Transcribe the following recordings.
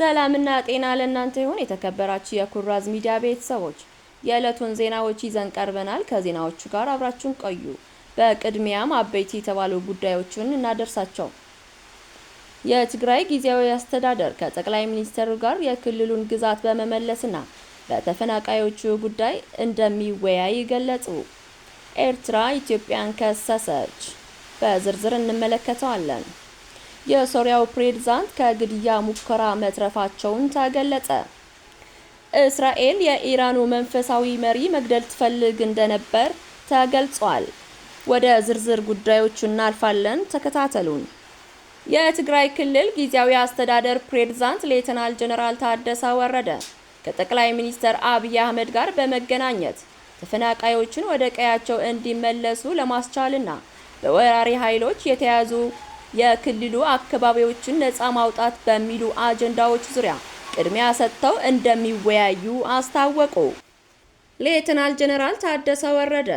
ሰላምና ጤና ለእናንተ ይሁን። የተከበራችሁ የኩራዝ ሚዲያ ቤተሰቦች የዕለቱን ዜናዎች ይዘን ቀርበናል። ከዜናዎቹ ጋር አብራችሁን ቆዩ። በቅድሚያም አበይት የተባሉ ጉዳዮችን እናደርሳቸው። የትግራይ ጊዜያዊ አስተዳደር ከጠቅላይ ሚኒስትሩ ጋር የክልሉን ግዛት በመመለስና በተፈናቃዮቹ ጉዳይ እንደሚወያይ ገለጹ። ኤርትራ ኢትዮጵያን ከሰሰች። በዝርዝር እንመለከተዋለን። የሶሪያው ፕሬዝዳንት ከግድያ ሙከራ መትረፋቸውን ተገለጸ። እስራኤል የኢራኑ መንፈሳዊ መሪ መግደል ትፈልግ እንደነበር ተገልጿል። ወደ ዝርዝር ጉዳዮቹ እናልፋለን። ተከታተሉን። የትግራይ ክልል ጊዜያዊ አስተዳደር ፕሬዝዳንት ሌተናል ጀነራል ታደሰ ወረደ ከጠቅላይ ሚኒስትር አብይ አህመድ ጋር በመገናኘት ተፈናቃዮችን ወደ ቀያቸው እንዲመለሱ ለማስቻልና በወራሪ ኃይሎች የተያዙ የክልሉ አካባቢዎችን ነጻ ማውጣት በሚሉ አጀንዳዎች ዙሪያ ቅድሚያ ሰጥተው እንደሚወያዩ አስታወቁ። ሌተናል ጀነራል ታደሰ ወረደ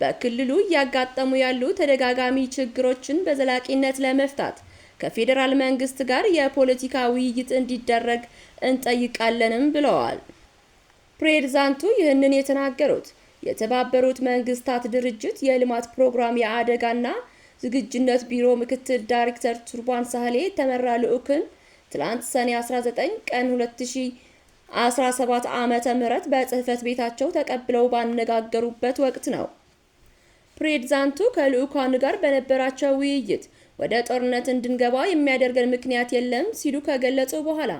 በክልሉ እያጋጠሙ ያሉ ተደጋጋሚ ችግሮችን በዘላቂነት ለመፍታት ከፌዴራል መንግስት ጋር የፖለቲካ ውይይት እንዲደረግ እንጠይቃለንም ብለዋል። ፕሬዝዳንቱ ይህንን የተናገሩት የተባበሩት መንግስታት ድርጅት የልማት ፕሮግራም የአደጋና ዝግጁነት ቢሮ ምክትል ዳይሬክተር ቱርባን ሳህሌ ተመራ ልዑክን ትላንት ሰኔ 19 ቀን 2017 ዓመተ ምህረት በጽህፈት ቤታቸው ተቀብለው ባነጋገሩበት ወቅት ነው። ፕሬዝዳንቱ ከልዑካኑ ጋር በነበራቸው ውይይት ወደ ጦርነት እንድንገባ የሚያደርገን ምክንያት የለም ሲሉ ከገለጹ በኋላ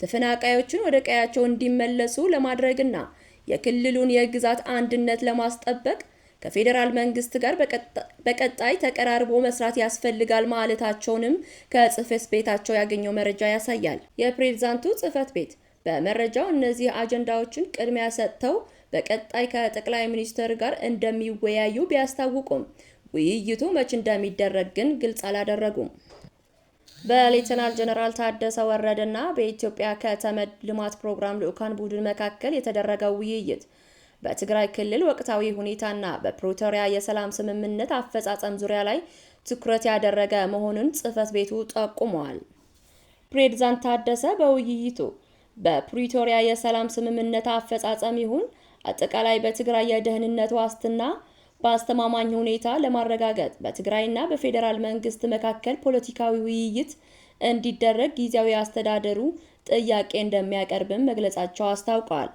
ተፈናቃዮችን ወደ ቀያቸው እንዲመለሱ ለማድረግና የክልሉን የግዛት አንድነት ለማስጠበቅ ከፌዴራል መንግስት ጋር በቀጣይ ተቀራርቦ መስራት ያስፈልጋል ማለታቸውንም ከጽህፈት ቤታቸው ያገኘው መረጃ ያሳያል። የፕሬዝዳንቱ ጽህፈት ቤት በመረጃው እነዚህ አጀንዳዎችን ቅድሚያ ሰጥተው በቀጣይ ከጠቅላይ ሚኒስትር ጋር እንደሚወያዩ ቢያስታውቁም ውይይቱ መች እንደሚደረግ ግን ግልጽ አላደረጉም። በሌተናል ጀነራል ታደሰ ወረደና በኢትዮጵያ ከተመድ ልማት ፕሮግራም ልዑካን ቡድን መካከል የተደረገው ውይይት በትግራይ ክልል ወቅታዊ ሁኔታና በፕሪቶሪያ የሰላም ስምምነት አፈጻጸም ዙሪያ ላይ ትኩረት ያደረገ መሆኑን ጽህፈት ቤቱ ጠቁመዋል። ፕሬዝዳንት ታደሰ በውይይቱ በፕሪቶሪያ የሰላም ስምምነት አፈጻጸም ይሁን አጠቃላይ በትግራይ የደህንነት ዋስትና በአስተማማኝ ሁኔታ ለማረጋገጥ በትግራይና በፌዴራል መንግስት መካከል ፖለቲካዊ ውይይት እንዲደረግ ጊዜያዊ አስተዳደሩ ጥያቄ እንደሚያቀርብም መግለጻቸው አስታውቋል።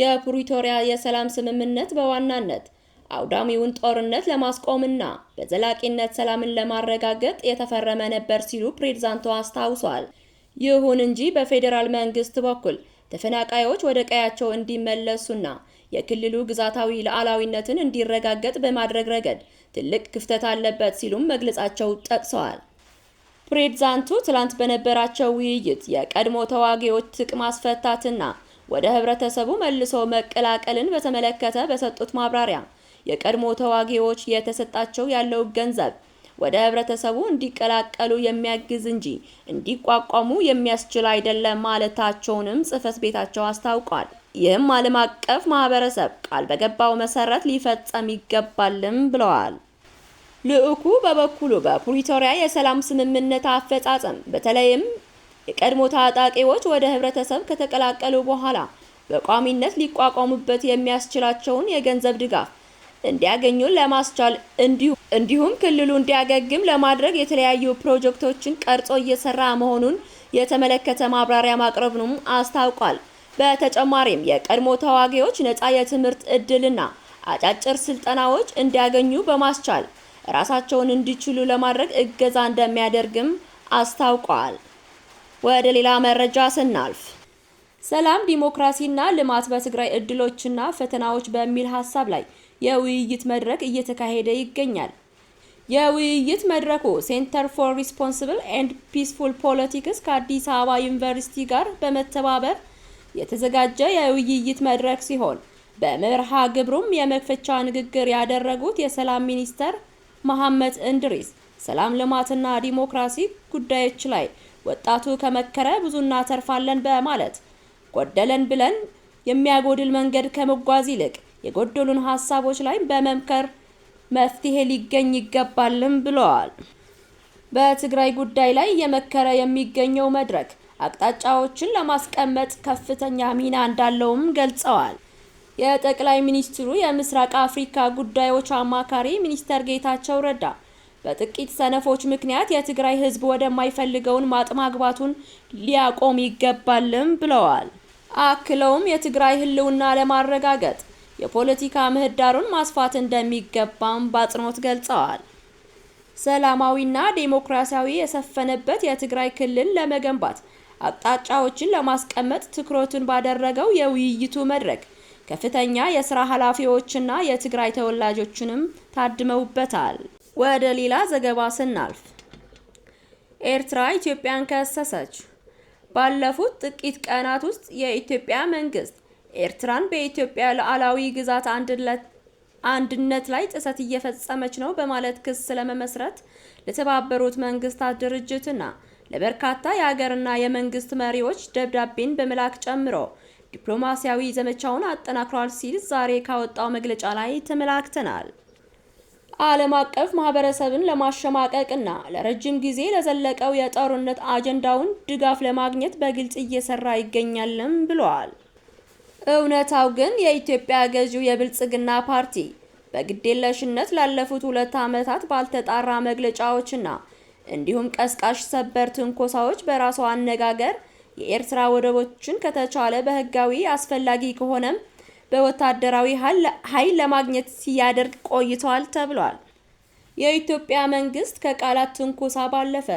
የፕሪቶሪያ የሰላም ስምምነት በዋናነት አውዳሚውን ጦርነት ለማስቆምና በዘላቂነት ሰላምን ለማረጋገጥ የተፈረመ ነበር ሲሉ ፕሬዝዳንቱ አስታውሷል። ይሁን እንጂ በፌዴራል መንግስት በኩል ተፈናቃዮች ወደ ቀያቸው እንዲመለሱና የክልሉ ግዛታዊ ሉዓላዊነትን እንዲረጋገጥ በማድረግ ረገድ ትልቅ ክፍተት አለበት ሲሉም መግለጻቸው ጠቅሰዋል። ፕሬዝዳንቱ ትላንት በነበራቸው ውይይት የቀድሞ ተዋጊዎች ትጥቅ ማስፈታትና ወደ ህብረተሰቡ መልሶ መቀላቀልን በተመለከተ በሰጡት ማብራሪያ የቀድሞ ተዋጊዎች የተሰጣቸው ያለው ገንዘብ ወደ ህብረተሰቡ እንዲቀላቀሉ የሚያግዝ እንጂ እንዲቋቋሙ የሚያስችል አይደለም ማለታቸውንም ጽህፈት ቤታቸው አስታውቋል። ይህም ዓለም አቀፍ ማህበረሰብ ቃል በገባው መሰረት ሊፈጸም ይገባልም ብለዋል። ልዑኩ በበኩሉ በፕሪቶሪያ የሰላም ስምምነት አፈጻጸም በተለይም የቀድሞ ታጣቂዎች ወደ ህብረተሰብ ከተቀላቀሉ በኋላ በቋሚነት ሊቋቋሙበት የሚያስችላቸውን የገንዘብ ድጋፍ እንዲያገኙ ለማስቻል እንዲሁም ክልሉ እንዲያገግም ለማድረግ የተለያዩ ፕሮጀክቶችን ቀርጾ እየሰራ መሆኑን የተመለከተ ማብራሪያ ማቅረቡንም አስታውቋል። በተጨማሪም የቀድሞ ተዋጊዎች ነጻ የትምህርት እድልና አጫጭር ስልጠናዎች እንዲያገኙ በማስቻል ራሳቸውን እንዲችሉ ለማድረግ እገዛ እንደሚያደርግም አስታውቋል። ወደ ሌላ መረጃ ስናልፍ ሰላም ዲሞክራሲና ልማት በትግራይ እድሎችና ፈተናዎች በሚል ሀሳብ ላይ የውይይት መድረክ እየተካሄደ ይገኛል። የውይይት መድረኩ ሴንተር ፎር ሪስፖንስብል ኤንድ ፒስፉል ፖለቲክስ ከአዲስ አበባ ዩኒቨርሲቲ ጋር በመተባበር የተዘጋጀ የውይይት መድረክ ሲሆን በመርሃ ግብሩም የመክፈቻ ንግግር ያደረጉት የሰላም ሚኒስተር መሐመድ እንድሪስ ሰላም ልማትና ዲሞክራሲ ጉዳዮች ላይ ወጣቱ ከመከረ ብዙ እናተርፋለን በማለት ጎደለን ብለን የሚያጎድል መንገድ ከመጓዝ ይልቅ የጎደሉን ሀሳቦች ላይ በመምከር መፍትሄ ሊገኝ ይገባልም ብለዋል። በትግራይ ጉዳይ ላይ እየመከረ የሚገኘው መድረክ አቅጣጫዎችን ለማስቀመጥ ከፍተኛ ሚና እንዳለውም ገልጸዋል። የጠቅላይ ሚኒስትሩ የምስራቅ አፍሪካ ጉዳዮች አማካሪ ሚኒስተር ጌታቸው ረዳ በጥቂት ሰነፎች ምክንያት የትግራይ ህዝብ ወደማይፈልገውን ማጥማግባቱን ሊያቆም ይገባልም ብለዋል። አክለውም የትግራይ ህልውና ለማረጋገጥ የፖለቲካ ምህዳሩን ማስፋት እንደሚገባም በአጽንኦት ገልጸዋል። ሰላማዊና ዴሞክራሲያዊ የሰፈነበት የትግራይ ክልል ለመገንባት አቅጣጫዎችን ለማስቀመጥ ትኩረቱን ባደረገው የውይይቱ መድረክ ከፍተኛ የስራ ኃላፊዎችና የትግራይ ተወላጆችንም ታድመውበታል። ወደ ሌላ ዘገባ ስናልፍ ኤርትራ ኢትዮጵያን ከሰሰች። ባለፉት ጥቂት ቀናት ውስጥ የኢትዮጵያ መንግስት ኤርትራን በኢትዮጵያ ሉዓላዊ ግዛት አንድነት ላይ ጥሰት እየፈጸመች ነው በማለት ክስ ለመመስረት ለተባበሩት መንግስታት ድርጅትና ለበርካታ የሀገርና የመንግስት መሪዎች ደብዳቤን በመላክ ጨምሮ ዲፕሎማሲያዊ ዘመቻውን አጠናክሯል ሲል ዛሬ ካወጣው መግለጫ ላይ ተመላክተናል። ዓለም አቀፍ ማህበረሰብን ለማሸማቀቅና ለረጅም ጊዜ ለዘለቀው የጦርነት አጀንዳውን ድጋፍ ለማግኘት በግልጽ እየሰራ ይገኛልም ብለዋል። እውነታው ግን የኢትዮጵያ ገዢው የብልጽግና ፓርቲ በግዴለሽነት ላለፉት ሁለት ዓመታት ባልተጣራ መግለጫዎችና እንዲሁም ቀስቃሽ ሰበር ትንኮሳዎች በራሱ አነጋገር የኤርትራ ወደቦችን ከተቻለ በህጋዊ አስፈላጊ ከሆነም በወታደራዊ ኃይል ለማግኘት ሲያደርግ ቆይተዋል ተብሏል። የኢትዮጵያ መንግስት ከቃላት ትንኮሳ ባለፈ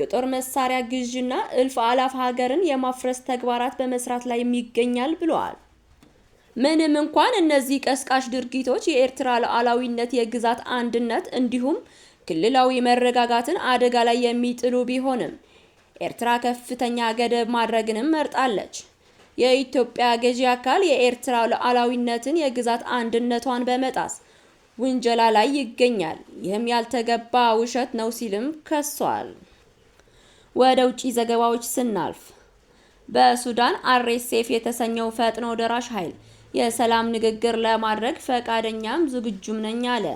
የጦር መሳሪያ ግዥና እልፍ አላፍ ሀገርን የማፍረስ ተግባራት በመስራት ላይ ይገኛል ብለዋል። ምንም እንኳን እነዚህ ቀስቃሽ ድርጊቶች የኤርትራ ሉዓላዊነት፣ የግዛት አንድነት እንዲሁም ክልላዊ መረጋጋትን አደጋ ላይ የሚጥሉ ቢሆንም ኤርትራ ከፍተኛ ገደብ ማድረግንም መርጣለች። የኢትዮጵያ ገዢ አካል የኤርትራ ሉዓላዊነትን፣ የግዛት አንድነቷን በመጣስ ውንጀላ ላይ ይገኛል። ይህም ያልተገባ ውሸት ነው ሲልም ከሷል። ወደ ውጪ ዘገባዎች ስናልፍ በሱዳን አርኤስኤፍ የተሰኘው ፈጥኖ ደራሽ ኃይል የሰላም ንግግር ለማድረግ ፈቃደኛም ዝግጁም ነኝ አለ።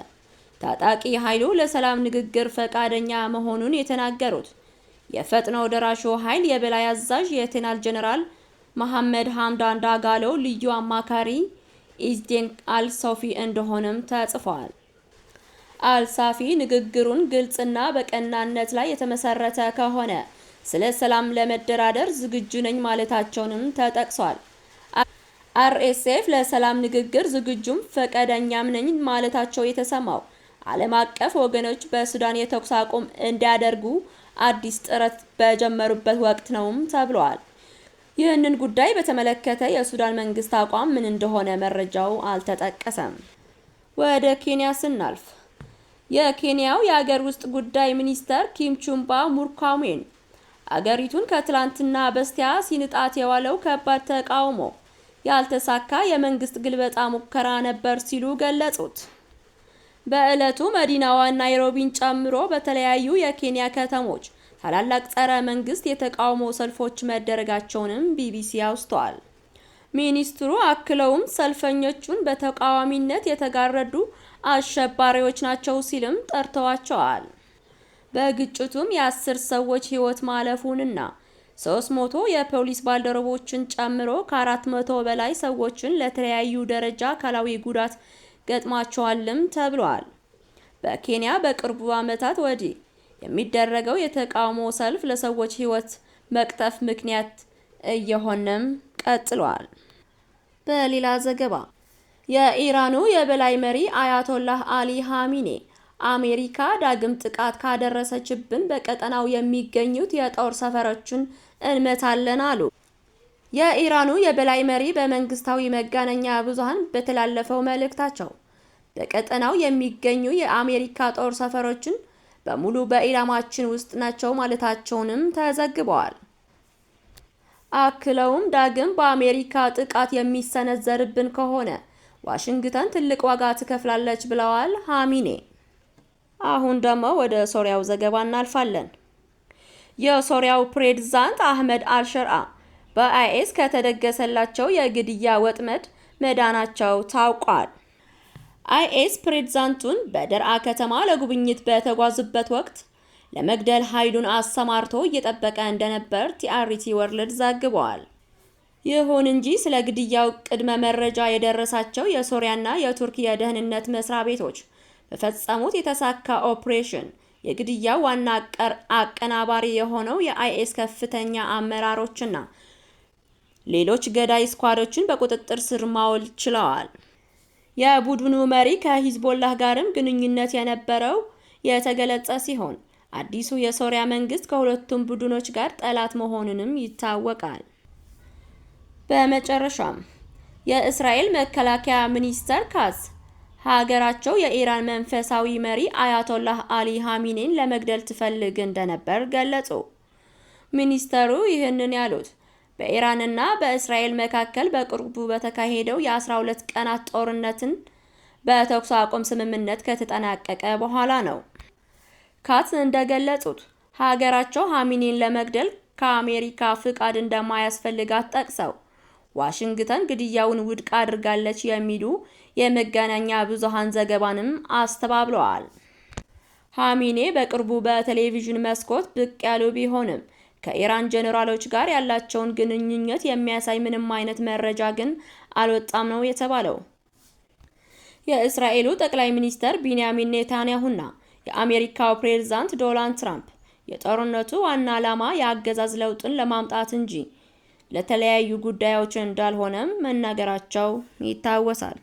ታጣቂ ኃይሉ ለሰላም ንግግር ፈቃደኛ መሆኑን የተናገሩት የፈጥኖ ደራሹ ኃይል የበላይ አዛዥ የቴናል ጀኔራል መሐመድ ሀምዳን ዳጋሎ ልዩ አማካሪ ኢዝዴን አልሶፊ እንደሆነም ተጽፏል። አልሳፊ ንግግሩን ግልጽና በቀናነት ላይ የተመሰረተ ከሆነ ስለ ሰላም ለመደራደር ዝግጁ ነኝ ማለታቸውንም ተጠቅሷል። አርኤስኤፍ ለሰላም ንግግር ዝግጁም ፈቃደኛም ነኝ ማለታቸው የተሰማው ዓለም አቀፍ ወገኖች በሱዳን የተኩስ አቁም እንዲያደርጉ አዲስ ጥረት በጀመሩበት ወቅት ነውም ተብሏል። ይህንን ጉዳይ በተመለከተ የሱዳን መንግስት አቋም ምን እንደሆነ መረጃው አልተጠቀሰም። ወደ ኬንያ ስናልፍ የኬንያው የአገር ውስጥ ጉዳይ ሚኒስተር ኪምቹምባ ሙርካሜን አገሪቱን ከትላንትና በስቲያ ሲንጣት የዋለው ከባድ ተቃውሞ ያልተሳካ የመንግስት ግልበጣ ሙከራ ነበር ሲሉ ገለጹት። በዕለቱ መዲናዋ ናይሮቢን ጨምሮ በተለያዩ የኬንያ ከተሞች ታላላቅ ጸረ መንግስት የተቃውሞ ሰልፎች መደረጋቸውንም ቢቢሲ አውስተዋል። ሚኒስትሩ አክለውም ሰልፈኞቹን በተቃዋሚነት የተጋረዱ አሸባሪዎች ናቸው ሲልም ጠርተዋቸዋል። በግጭቱም የአስር ሰዎች ህይወት ማለፉንና ሶስት መቶ የፖሊስ ባልደረቦችን ጨምሮ ከአራት መቶ በላይ ሰዎችን ለተለያዩ ደረጃ አካላዊ ጉዳት ገጥማቸዋልም ተብሏል። በኬንያ በቅርቡ ዓመታት ወዲህ የሚደረገው የተቃውሞ ሰልፍ ለሰዎች ህይወት መቅጠፍ ምክንያት እየሆነም ቀጥሏል። በሌላ ዘገባ የኢራኑ የበላይ መሪ አያቶላህ አሊ ሃሚኔ አሜሪካ ዳግም ጥቃት ካደረሰችብን በቀጠናው የሚገኙት የጦር ሰፈሮችን እንመታለን አሉ። የኢራኑ የበላይ መሪ በመንግስታዊ መገናኛ ብዙሃን በተላለፈው መልእክታቸው በቀጠናው የሚገኙ የአሜሪካ ጦር ሰፈሮችን በሙሉ በኢላማችን ውስጥ ናቸው ማለታቸውንም ተዘግበዋል። አክለውም ዳግም በአሜሪካ ጥቃት የሚሰነዘርብን ከሆነ ዋሽንግተን ትልቅ ዋጋ ትከፍላለች ብለዋል ሀሚኔ። አሁን ደግሞ ወደ ሶሪያው ዘገባ እናልፋለን። የሶሪያው ፕሬዝዳንት አህመድ አልሸርአ በአይኤስ ከተደገሰላቸው የግድያ ወጥመድ መዳናቸው ታውቋል። አይኤስ ፕሬዝዳንቱን በደርአ ከተማ ለጉብኝት በተጓዙበት ወቅት ለመግደል ኃይሉን አሰማርቶ እየጠበቀ እንደነበር ቲአርቲ ወርልድ ዘግቧል። ይሁን እንጂ ስለ ግድያው ቅድመ መረጃ የደረሳቸው የሶሪያና የቱርክ የደህንነት መስሪያ ቤቶች በፈጸሙት የተሳካ ኦፕሬሽን የግድያው ዋና አቀናባሪ የሆነው የአይኤስ ከፍተኛ አመራሮችና ሌሎች ገዳይ ስኳዶችን በቁጥጥር ስር ማዋል ችለዋል። የቡድኑ መሪ ከሂዝቦላህ ጋርም ግንኙነት የነበረው የተገለጸ ሲሆን አዲሱ የሶሪያ መንግስት ከሁለቱም ቡድኖች ጋር ጠላት መሆኑንም ይታወቃል። በመጨረሻም የእስራኤል መከላከያ ሚኒስተር ካስ ሀገራቸው የኢራን መንፈሳዊ መሪ አያቶላህ አሊ ሀሚኔን ለመግደል ትፈልግ እንደነበር ገለጹ። ሚኒስተሩ ይህንን ያሉት በኢራንና በእስራኤል መካከል በቅርቡ በተካሄደው የ12 ቀናት ጦርነትን በተኩስ አቁም ስምምነት ከተጠናቀቀ በኋላ ነው። ካት እንደገለጹት ሀገራቸው ሀሚኒን ለመግደል ከአሜሪካ ፍቃድ እንደማያስፈልጋት ጠቅሰው ዋሽንግተን ግድያውን ውድቅ አድርጋለች የሚሉ የመገናኛ ብዙሃን ዘገባንም አስተባብለዋል። ሀሚኔ በቅርቡ በቴሌቪዥን መስኮት ብቅ ያሉ ቢሆንም ከኢራን ጄኔራሎች ጋር ያላቸውን ግንኙነት የሚያሳይ ምንም አይነት መረጃ ግን አልወጣም ነው የተባለው። የእስራኤሉ ጠቅላይ ሚኒስተር ቢንያሚን ኔታንያሁና የአሜሪካው ፕሬዝዳንት ዶናልድ ትራምፕ የጦርነቱ ዋና ዓላማ የአገዛዝ ለውጥን ለማምጣት እንጂ ለተለያዩ ጉዳዮች እንዳልሆነም መናገራቸው ይታወሳል።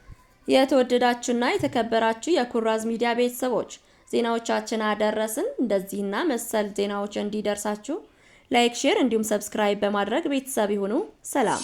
የተወደዳችሁና የተከበራችሁ የኩራዝ ሚዲያ ቤተሰቦች ዜናዎቻችን አደረስን። እንደዚህና መሰል ዜናዎች እንዲደርሳችሁ ላይክ፣ ሼር እንዲሁም ሰብስክራይብ በማድረግ ቤተሰብ ይሁኑ። ሰላም